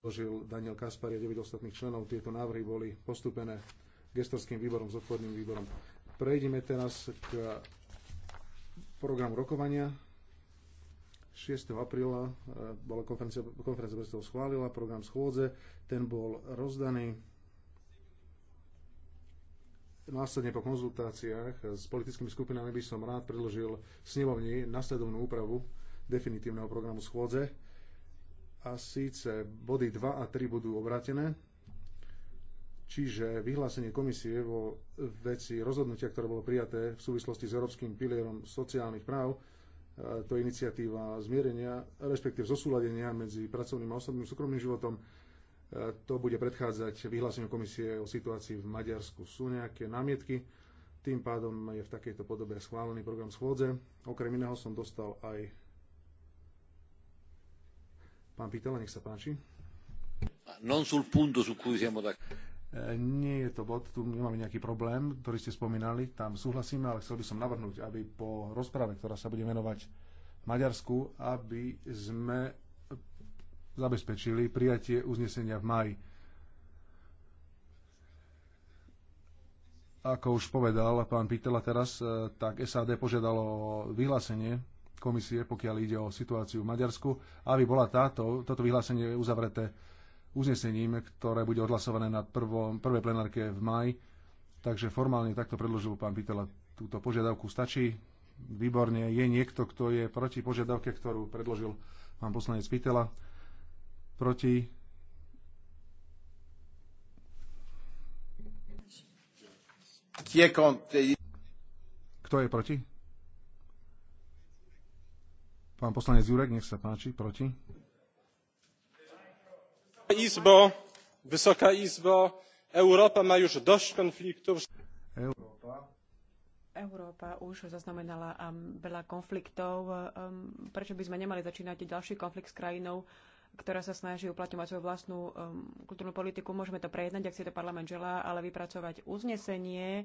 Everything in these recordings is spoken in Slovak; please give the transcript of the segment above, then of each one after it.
predložil Daniel Kaspar a 9 ostatných členov. Tieto návrhy boli postupené gestorským výborom, zodpovedným výborom. Prejdeme teraz k programu rokovania. 6. apríla eh, bola konferencia, konferencia predstavov schválila program schôdze. Ten bol rozdaný následne po konzultáciách s politickými skupinami by som rád predložil snemovni nasledovnú úpravu definitívneho programu schôdze a síce body 2 a 3 budú obratené, čiže vyhlásenie komisie vo veci rozhodnutia, ktoré bolo prijaté v súvislosti s Európskym pilierom sociálnych práv, to je iniciatíva zmierenia, respektíve zosúladenia medzi pracovným a osobným súkromným životom. To bude predchádzať vyhláseniu komisie o situácii v Maďarsku. Sú nejaké námietky, tým pádom je v takejto podobe schválený program schôdze. Okrem iného som dostal aj Pán Pitela, nech sa páči. Non sul punto su cui siamo da... E, nie je to bod, tu nemáme nejaký problém, ktorý ste spomínali, tam súhlasíme, ale chcel by som navrhnúť, aby po rozprave, ktorá sa bude venovať Maďarsku, aby sme zabezpečili prijatie uznesenia v maji. Ako už povedal pán Pitela teraz, e, tak SAD požiadalo vyhlásenie komisie, pokiaľ ide o situáciu v Maďarsku, aby bola táto, toto vyhlásenie uzavreté uznesením, ktoré bude odhlasované na prvom, prvej plenárke v maji. Takže formálne takto predložil pán Pitela túto požiadavku. Stačí? Výborne. Je niekto, kto je proti požiadavke, ktorú predložil pán poslanec Pitela? Proti? Kto je proti? Pán poslanec Jurek, nech sa páči, proti. Izbo, vysoká Izbo, Európa má už dosť konfliktov. Európa. Európa už zaznamenala um, veľa konfliktov. Um, prečo by sme nemali začínať ďalší konflikt s krajinou, ktorá sa snaží uplatňovať svoju vlastnú um, kultúrnu politiku. Môžeme to prejednať, ak si to parlament želá, ale vypracovať uznesenie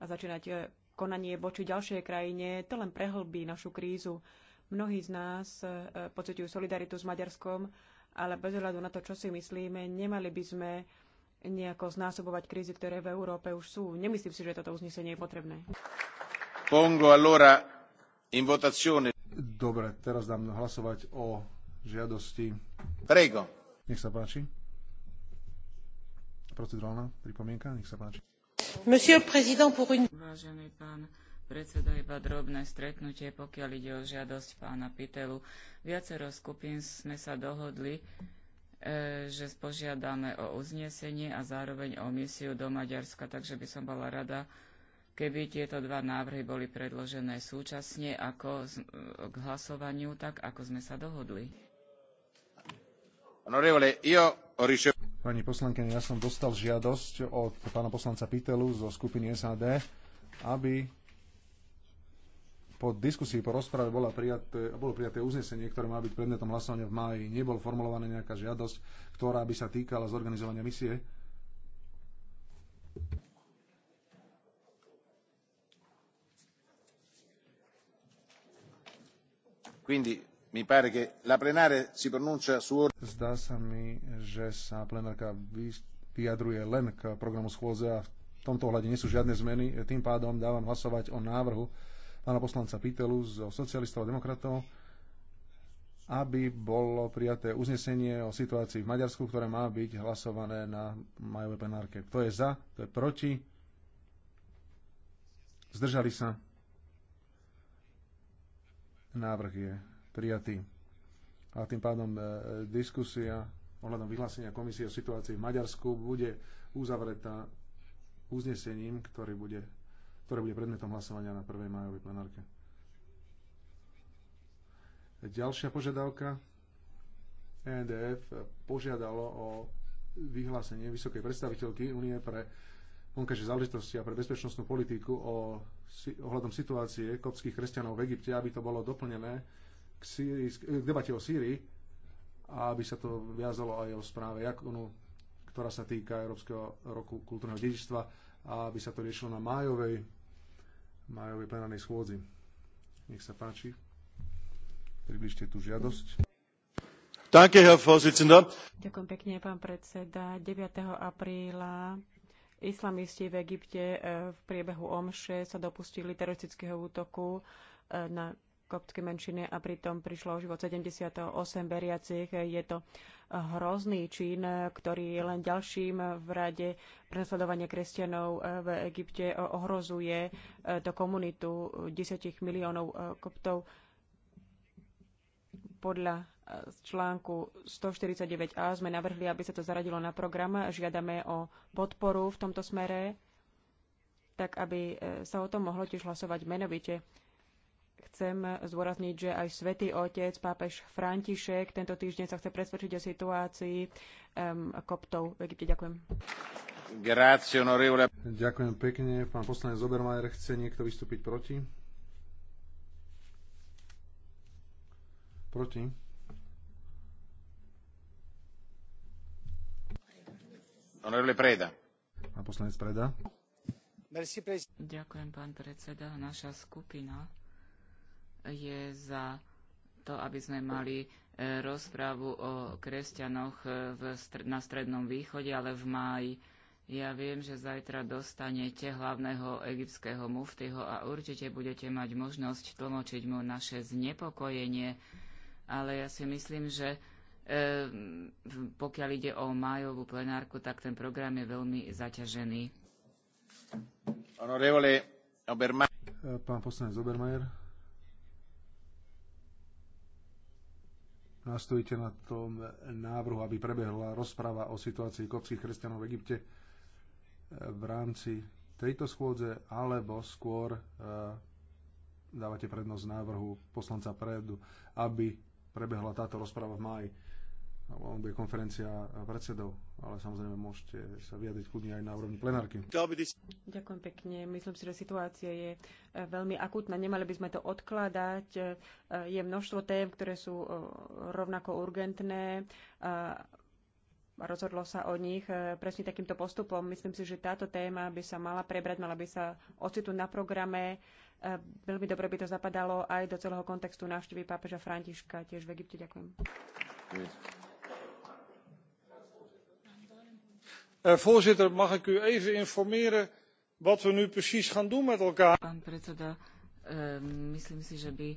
a začínať eh, konanie voči ďalšej krajine, to len prehlbí našu krízu. Mnohí z nás e, pociťujú solidaritu s Maďarskom, ale bez ohľadu na to, čo si myslíme, nemali by sme nejako znásobovať krízy, ktoré v Európe už sú. Nemyslím si, že toto uznesenie je potrebné. Pongo allora in votazione. Dobre, teraz dám hlasovať o žiadosti. Prego. Nech sa páči. Procedurálna pripomienka, nech sa páči. Monsieur le Président, pour une... Vážený pán predseda, iba drobné stretnutie, pokiaľ ide o žiadosť pána Pitelu. Viacero skupín sme sa dohodli, e, že spožiadame o uznesenie a zároveň o misiu do Maďarska, takže by som bola rada, keby tieto dva návrhy boli predložené súčasne ako e, k hlasovaniu, tak ako sme sa dohodli. Pani poslankyne, ja som dostal žiadosť od pána poslanca Pitelu zo skupiny SAD, aby po diskusii, po rozprave bola prijaté, bolo prijaté uznesenie, ktoré má byť predmetom hlasovania v máji. Nebol formulovaná nejaká žiadosť, ktorá by sa týkala zorganizovania misie? Quindi mi pare che la plenare si pronuncia su... Zdá sa mi, že sa plenárka vyjadruje len k programu schôdze a v tomto ohľade nie sú žiadne zmeny. Tým pádom dávam hlasovať o návrhu pána poslanca Pitelu zo socialistov a demokratov, aby bolo prijaté uznesenie o situácii v Maďarsku, ktoré má byť hlasované na majovej plenárke. Kto je za, kto je proti? Zdržali sa? Návrh je prijatý. A tým pádom e, diskusia ohľadom vyhlásenia komisie o situácii v Maďarsku bude uzavretá uznesením, ktorý bude ktoré bude predmetom hlasovania na 1. majovej plenárke. Ďalšia požiadavka. EDF požiadalo o vyhlásenie vysokej predstaviteľky Únie pre vonkajšie záležitosti a pre bezpečnostnú politiku o, ohľadom situácie kopských kresťanov v Egypte, aby to bolo doplnené k, Sýrii, k debate o Sýrii a aby sa to viazalo aj o správe Jakonu, ktorá sa týka Európskeho roku kultúrneho dedičstva a aby sa to riešilo na májovej majovej plenárnej schôdzi. Nech sa páči. Približte tú žiadosť. Ďakujem pekne, pán predseda. 9. apríla islamisti v Egypte eh, v priebehu omše sa dopustili teroristického útoku eh, na koptskej menšine a pritom prišlo o život 78 veriacich. Je to hrozný čin, ktorý je len ďalším v rade prenasledovania kresťanov v Egypte ohrozuje e, to komunitu 10 miliónov e, koptov. Podľa e, článku 149a sme navrhli, aby sa to zaradilo na program. Žiadame o podporu v tomto smere tak aby sa o tom mohlo tiež hlasovať menovite. Chcem zdôrazniť, že aj svätý otec, pápež František, tento týždeň sa chce presvedčiť o situácii um, koptov v Egypte. Ďakujem. Grazie, onorevole. Ďakujem pekne. Pán poslanec Zobermajer, chce niekto vystúpiť proti? Proti? Onorevole Preda. Pán poslanec Preda. Ďakujem, pán predseda. Naša skupina je za to, aby sme mali e, rozprávu o kresťanoch e, v, na Strednom východe, ale v máji. Ja viem, že zajtra dostanete hlavného egyptského muftyho a určite budete mať možnosť tlmočiť mu naše znepokojenie, ale ja si myslím, že e, pokiaľ ide o májovú plenárku, tak ten program je veľmi zaťažený. Pán poslanec Obermajer. nastojíte na tom návrhu, aby prebehla rozpráva o situácii kopských kresťanov v Egypte eh, v rámci tejto schôdze, alebo skôr eh, dávate prednosť návrhu poslanca predu, aby prebehla táto rozprava v máji on bude konferencia predsedov, ale samozrejme môžete sa vyjadriť kľudne aj na úrovni plenárky. Ďakujem pekne. Myslím si, že situácia je eh, veľmi akutná. Nemali by sme to odkladať. Eh, je množstvo tém, ktoré sú eh, rovnako urgentné. Rozhodlo sa o nich presne takýmto postupom. Myslím si, že táto téma by sa mala prebrať, mala by sa ocitnúť na programe. Veľmi dobre by to zapadalo aj do celého kontextu návštevy pápeža Františka tiež v Egypte. Ďakujem. Eh, voorzitter mag ik u even informeren wat we nu precies gaan doen met elkaar? pán predseda eh, myslím si že by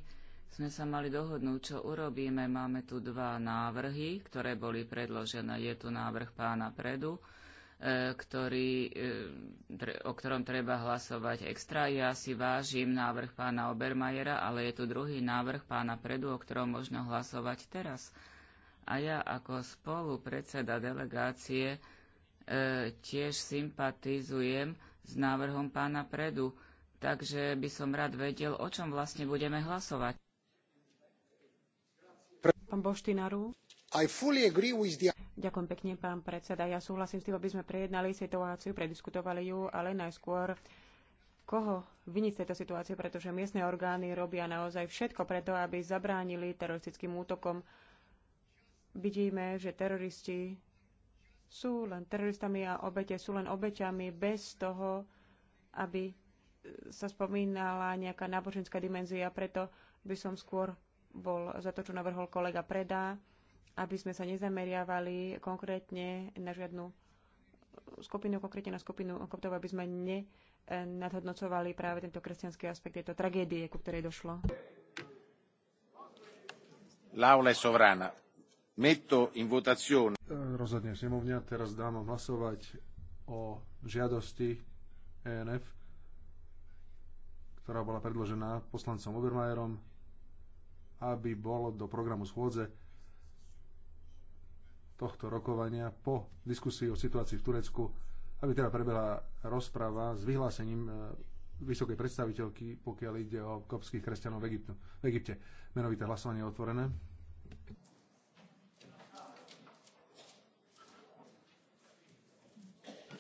sme sa mali dohodnúť čo urobíme máme tu dva návrhy ktoré boli predložené je tu návrh pána predu eh, ktorý, o ktorom treba hlasovať extra. Ja si vážim návrh pána Obermajera, ale je tu druhý návrh pána Predu, o ktorom možno hlasovať teraz. A ja ako spolu predseda delegácie E, tiež sympatizujem s návrhom pána Predu, takže by som rád vedel, o čom vlastne budeme hlasovať. Pán Boštinaru. The... Ďakujem pekne, pán predseda. Ja súhlasím s tým, aby sme prejednali situáciu, prediskutovali ju, ale najskôr koho vyniť z tejto situácie, pretože miestne orgány robia naozaj všetko preto, aby zabránili teroristickým útokom. Vidíme, že teroristi sú len teroristami a obete sú len obeťami bez toho, aby sa spomínala nejaká náboženská dimenzia. Preto by som skôr bol za to, čo navrhol kolega Preda, aby sme sa nezameriavali konkrétne na žiadnu skupinu, konkrétne na skupinu koptov, aby sme nenadhodnocovali práve tento kresťanský aspekt tejto tragédie, ku ktorej došlo. L'aula è sovrana. Metto in votazione. E, rozhodne snemovňa, teraz dám hlasovať o žiadosti ENF, ktorá bola predložená poslancom Obermajerom, aby bolo do programu schôdze tohto rokovania po diskusii o situácii v Turecku, aby teda prebehla rozpráva s vyhlásením e, vysokej predstaviteľky, pokiaľ ide o kopských kresťanov v, v Egypte. Menovité hlasovanie je otvorené.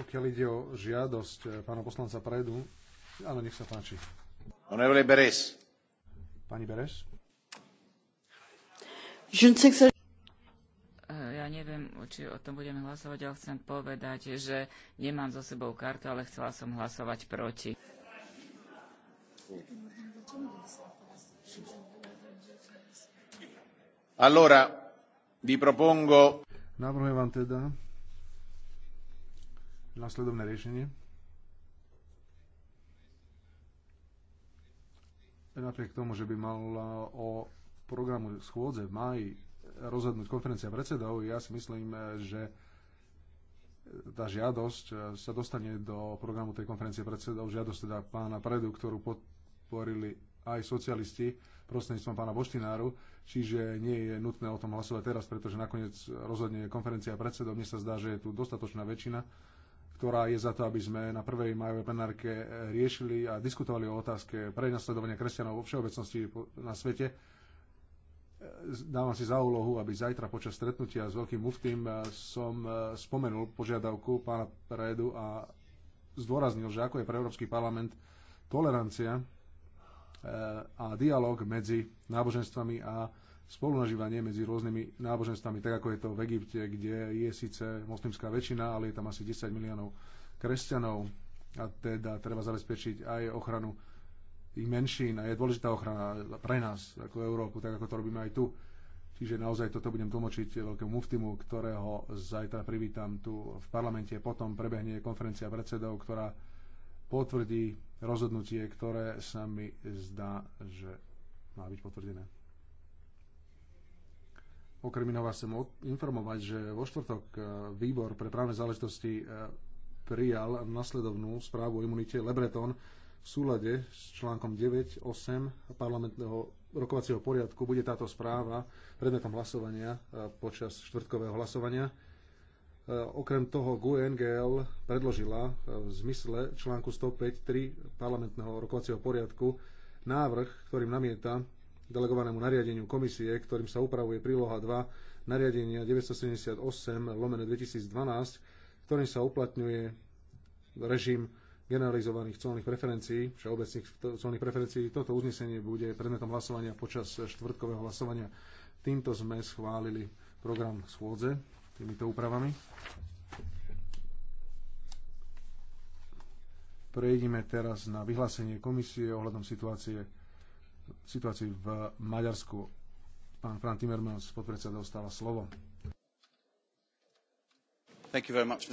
Pokiaľ ide o žiadosť eh, pána poslanca Predu, áno, nech sa páči. Honorable Beres. Pani Beres. Eh, ja neviem, či o tom budeme hlasovať, ale chcem povedať, že nemám za sebou kartu, ale chcela som hlasovať proti. Allora, vi propongo... Navrhujem vám teda, nasledovné riešenie. Napriek tomu, že by mala o programu schôdze v máji rozhodnúť konferencia predsedov, ja si myslím, že tá žiadosť sa dostane do programu tej konferencie predsedov, žiadosť teda pána Predu, ktorú podporili aj socialisti prostredníctvom pána Boštináru, čiže nie je nutné o tom hlasovať teraz, pretože nakoniec rozhodne konferencia predsedov. Mne sa zdá, že je tu dostatočná väčšina ktorá je za to, aby sme na prvej majovej plenárke eh, riešili a diskutovali o otázke prenasledovania kresťanov vo všeobecnosti na svete. Eh, dávam si za úlohu, aby zajtra počas stretnutia s veľkým muftým eh, som spomenul požiadavku pána Predu a zdôraznil, že ako je pre Európsky parlament tolerancia a dialog medzi náboženstvami a spolunažívanie medzi rôznymi náboženstvami, tak ako je to v Egypte, kde je síce moslimská väčšina, ale je tam asi 10 miliónov kresťanov a teda treba zabezpečiť aj ochranu ich menšín a je dôležitá ochrana pre nás ako Európu, tak ako to robíme aj tu. Čiže naozaj toto budem tlmočiť veľkému muftimu, ktorého zajtra privítam tu v parlamente. Potom prebehne konferencia predsedov, ktorá potvrdí rozhodnutie, ktoré sa mi zdá, že má byť potvrdené. Okrem iného vás chcem informovať, že vo štvrtok e, výbor pre právne záležitosti e, prijal nasledovnú správu o imunite Lebreton v súlade s článkom 9.8 parlamentného rokovacieho poriadku. Bude táto správa predmetom hlasovania e, počas štvrtkového hlasovania. Okrem toho GUNGL predložila v zmysle článku 105.3 parlamentného rokovacieho poriadku návrh, ktorým namieta delegovanému nariadeniu komisie, ktorým sa upravuje príloha 2 nariadenia 978 lomene 2012, ktorým sa uplatňuje režim generalizovaných colných preferencií, všeobecných colných preferencií. Toto uznesenie bude predmetom hlasovania počas štvrtkového hlasovania. Týmto sme schválili program schôdze týmito úpravami. Prejdime teraz na vyhlásenie komisie ohľadom situácie situácii v Maďarsku. Pán Fran Timmermans, podpredseda, dostáva slovo. Much,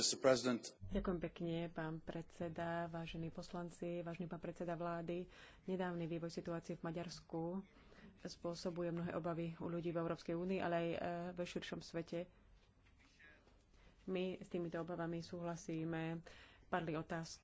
Ďakujem pekne, pán predseda, vážení poslanci, vážený pán predseda vlády. Nedávny vývoj situácie v Maďarsku spôsobuje mnohé obavy u ľudí v Európskej únii, ale aj eh, ve širšom svete. My s týmito obavami súhlasíme. Padli otázky